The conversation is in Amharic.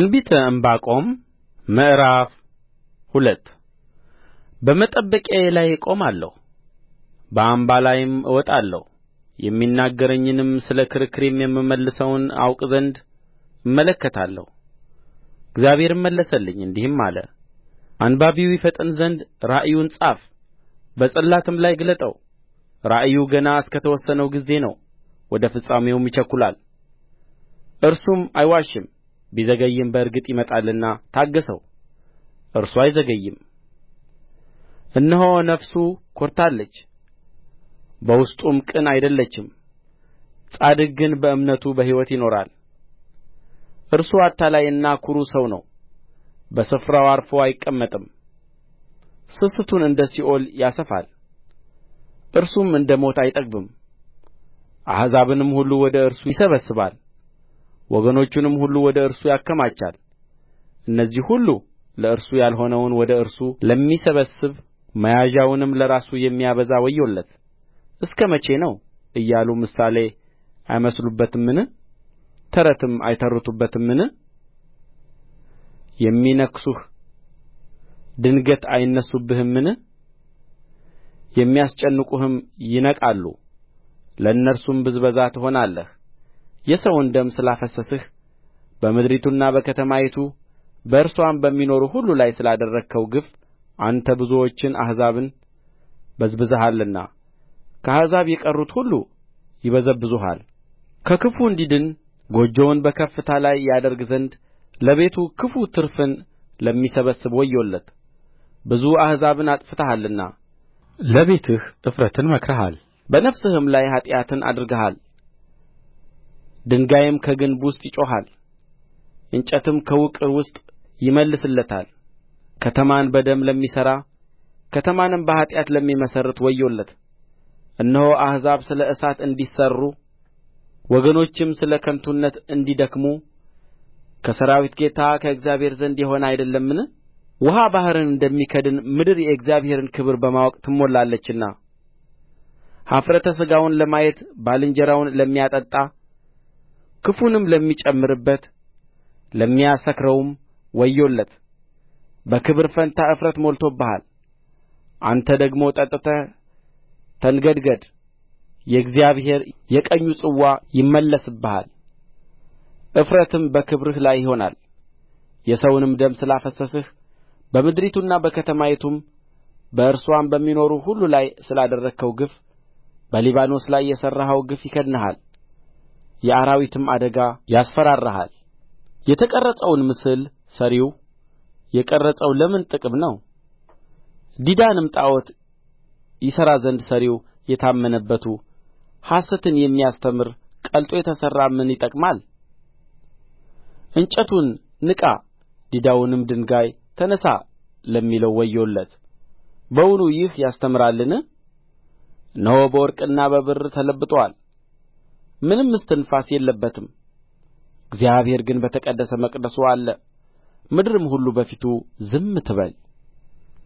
ትንቢተ ዕንባቆም ምዕራፍ ሁለት በመጠበቂያዬ ላይ እቆማለሁ በአምባ ላይም እወጣለሁ የሚናገረኝንም ስለ ክርክሬም የምመልሰውን አውቅ ዘንድ እመለከታለሁ እግዚአብሔርም መለሰልኝ እንዲህም አለ አንባቢው ይፈጥን ዘንድ ራእዩን ጻፍ በጽላትም ላይ ግለጠው ራእዩ ገና እስከ ተወሰነው ጊዜ ነው ወደ ፍጻሜውም ይቸኩላል እርሱም አይዋሽም ቢዘገይም በእርግጥ ይመጣልና ታገሠው እርሱ አይዘገይም እነሆ ነፍሱ ኰርታለች በውስጡም ቅን አይደለችም ጻድቅ ግን በእምነቱ በሕይወት ይኖራል እርሱ አታላይና ኵሩ ሰው ነው በስፍራው ዐርፎ አይቀመጥም ስስቱን እንደ ሲኦል ያሰፋል እርሱም እንደ ሞት አይጠግብም አሕዛብንም ሁሉ ወደ እርሱ ይሰበስባል ወገኖቹንም ሁሉ ወደ እርሱ ያከማቻል እነዚህ ሁሉ ለእርሱ ያልሆነውን ወደ እርሱ ለሚሰበስብ መያዣውንም ለራሱ የሚያበዛ ወዮለት እስከ መቼ ነው እያሉ ምሳሌ አይመስሉበትምን ተረትም አይተርቱበትምን የሚነክሱህ ድንገት አይነሡብህምን የሚያስጨንቁህም ይነቃሉ ለእነርሱም ብዝበዛ ትሆናለህ የሰውን ደም ስላፈሰስህ በምድሪቱና በከተማይቱ በእርስዋም በሚኖሩ ሁሉ ላይ ስላደረግኸው ግፍ አንተ ብዙዎችን አሕዛብን በዝብዘሃልና ከአሕዛብ የቀሩት ሁሉ ይበዘብዙሃል ከክፉ እንዲድን ጎጆውን በከፍታ ላይ ያደርግ ዘንድ ለቤቱ ክፉ ትርፍን ለሚሰበስብ ወዮለት ብዙ አሕዛብን አጥፍተሃልና ለቤትህ እፍረትን መክረሃል በነፍስህም ላይ ኃጢአትን አድርገሃል ድንጋይም ከግንብ ውስጥ ይጮኻል እንጨትም ከውቅር ውስጥ ይመልስለታል ከተማን በደም ለሚሠራ ከተማንም በኃጢአት ለሚመሠርት ወዮለት እነሆ አሕዛብ ስለ እሳት እንዲሠሩ ወገኖችም ስለ ከንቱነት እንዲደክሙ ከሠራዊት ጌታ ከእግዚአብሔር ዘንድ የሆነ አይደለምን ውኃ ባሕርን እንደሚከድን ምድር የእግዚአብሔርን ክብር በማወቅ ትሞላለችና ኀፍረተ ሥጋውን ለማየት ባልንጀራውን ለሚያጠጣ ክፉንም ለሚጨምርበት ለሚያሰክረውም ወዮለት በክብር ፋንታ እፍረት ሞልቶብሃል አንተ ደግሞ ጠጥተህ ተንገድገድ የእግዚአብሔር የቀኙ ጽዋ ይመለስብሃል እፍረትም በክብርህ ላይ ይሆናል የሰውንም ደም ስላፈሰስህ በምድሪቱና በከተማይቱም በእርስዋም በሚኖሩ ሁሉ ላይ ስላደረግኸው ግፍ በሊባኖስ ላይ የሠራኸው ግፍ ይከድንሃል የአራዊትም አደጋ ያስፈራራሃል የተቀረጸውን ምስል ሠሪው የቀረጸው ለምን ጥቅም ነው ዲዳንም ጣዖት ይሠራ ዘንድ ሠሪው የታመነበቱ ሐሰትን የሚያስተምር ቀልጦ የተሠራ ምን ይጠቅማል እንጨቱን ንቃ ዲዳውንም ድንጋይ ተነሣ ለሚለው ወዮለት በውኑ ይህ ያስተምራልን እነሆ በወርቅና በብር ተለብጦአል ምንም እስትንፋስ የለበትም እግዚአብሔር ግን በተቀደሰ መቅደሱ አለ ምድርም ሁሉ በፊቱ ዝም ትበል